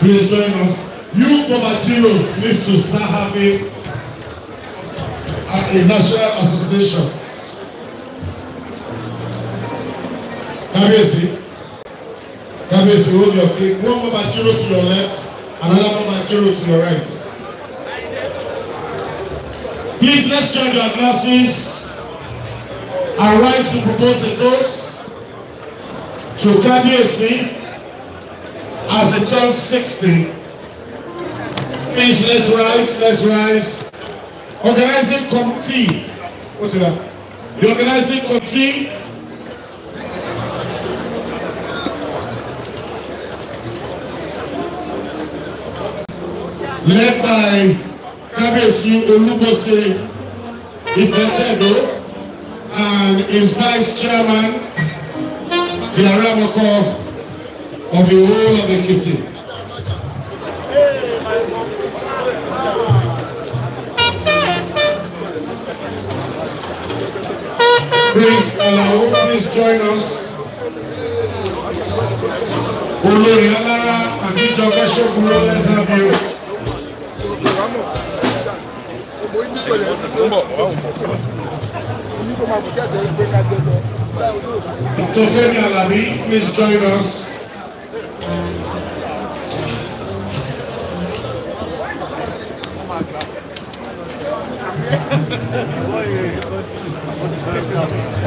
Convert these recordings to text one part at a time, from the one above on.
Please join us. You Bobachiros needs to start having a, a national association. Kabiyesi, Kabiyesi, hold your cake. One Babachiro to your left, another Babachiro to your right. Please let's join your glasses and rise to propose a toast to Kabiyesi. As it turns 60, please let's rise, let's rise. Organizing committee, what's it up? The organizing committee led by Kabesi Olubose Ifetedo and his vice chairman, the Aramoko of the whole of Ekiti. Please allow, please join us. Olórí Alára àti Jọkẹ́ Ṣógun ló lẹ́sẹ̀ bí o. Alabi, please join us.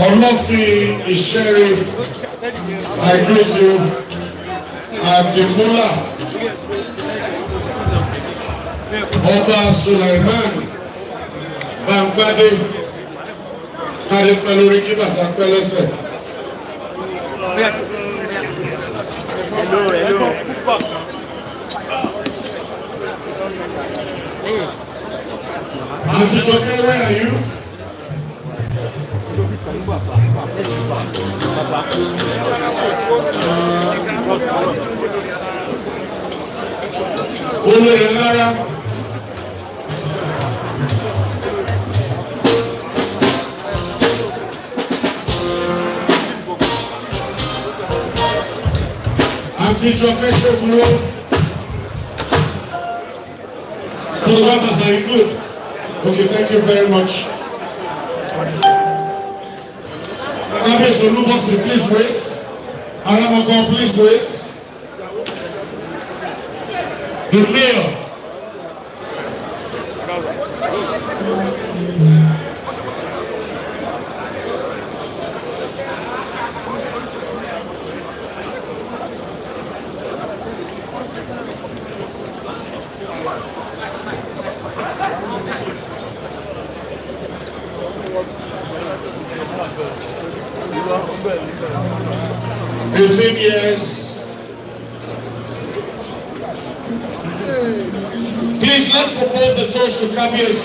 ọlọ́fin ìṣeré àìgbèjì àdìmúlà ọba Sulaiman Bangbade kárí pẹ́ lórí kí bàtà pẹ́ lẹ́sẹ̀. Hello, hello. Àti Jọkẹ́ where are you? Olórí ńlára. Àti Jọkẹ́ ṣòkúrò. Photographers are good. Okay, thank you very much. Kabe Solubosi, please wait. Aramoko, please wait. The mayor. Fifteen years. Please let's propose the toast to Kabi and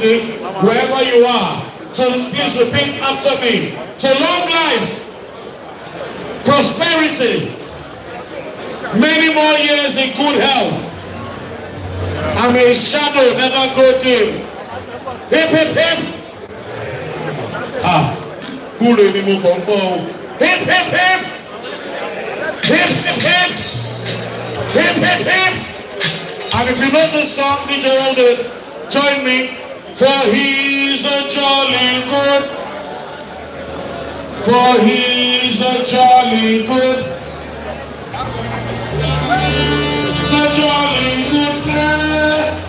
wherever you are. To please repeat after me. To long life, prosperity, many more years in good health. I a shadow never grow dim. Hip hip hip. Ah, good evening, Mokongbo. Hip, hip, hip. Hip, hip, hip. Hip, hip, hip. And if you know this song, DJ Elden, join me. For he's a jolly good. For he's a jolly good. He's a jolly good friend.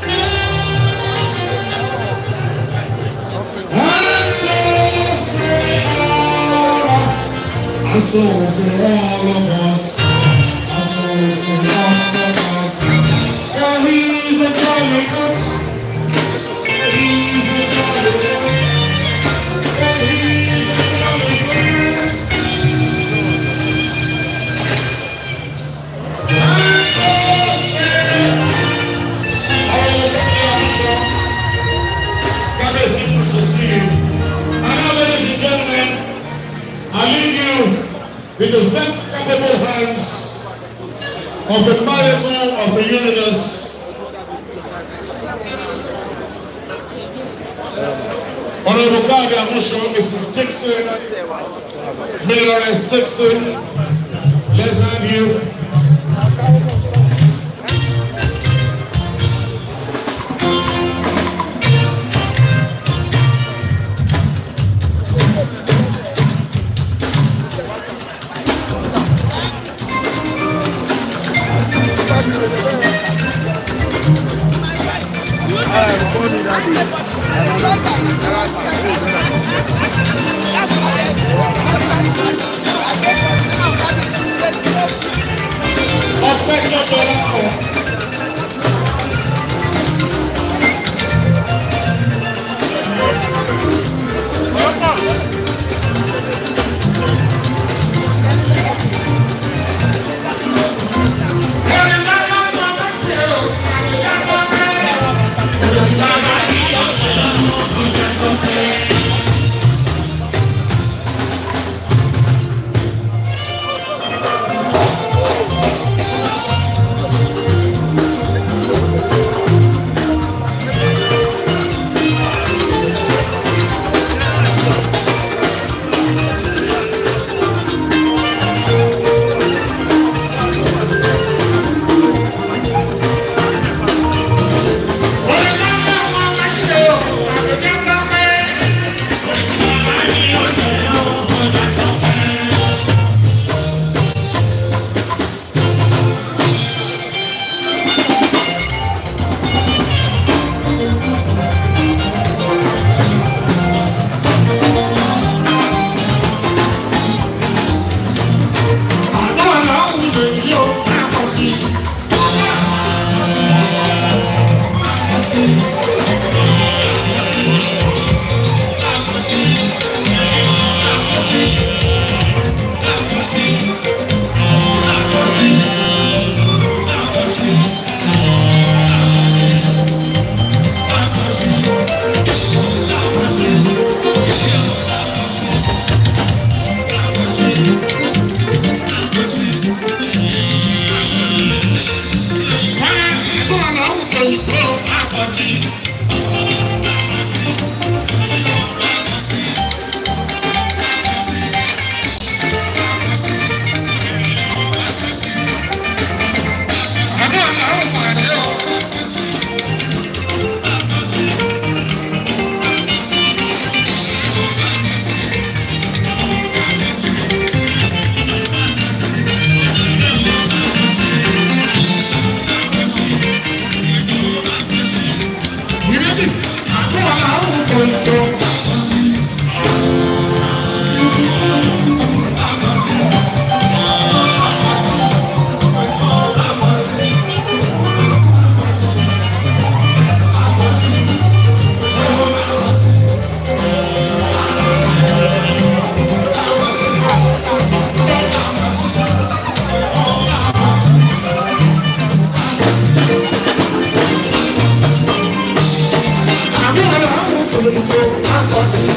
Сила живая, небес in the very capable hands of the miracle of the universe. Honorable Kabi Amusho, Mrs. Dixon, Mayor S. Dixon, let's have you. Todo mundo agora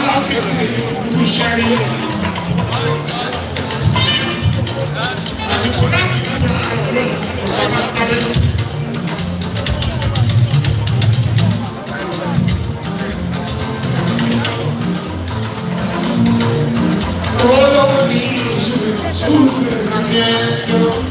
All of these, soon as I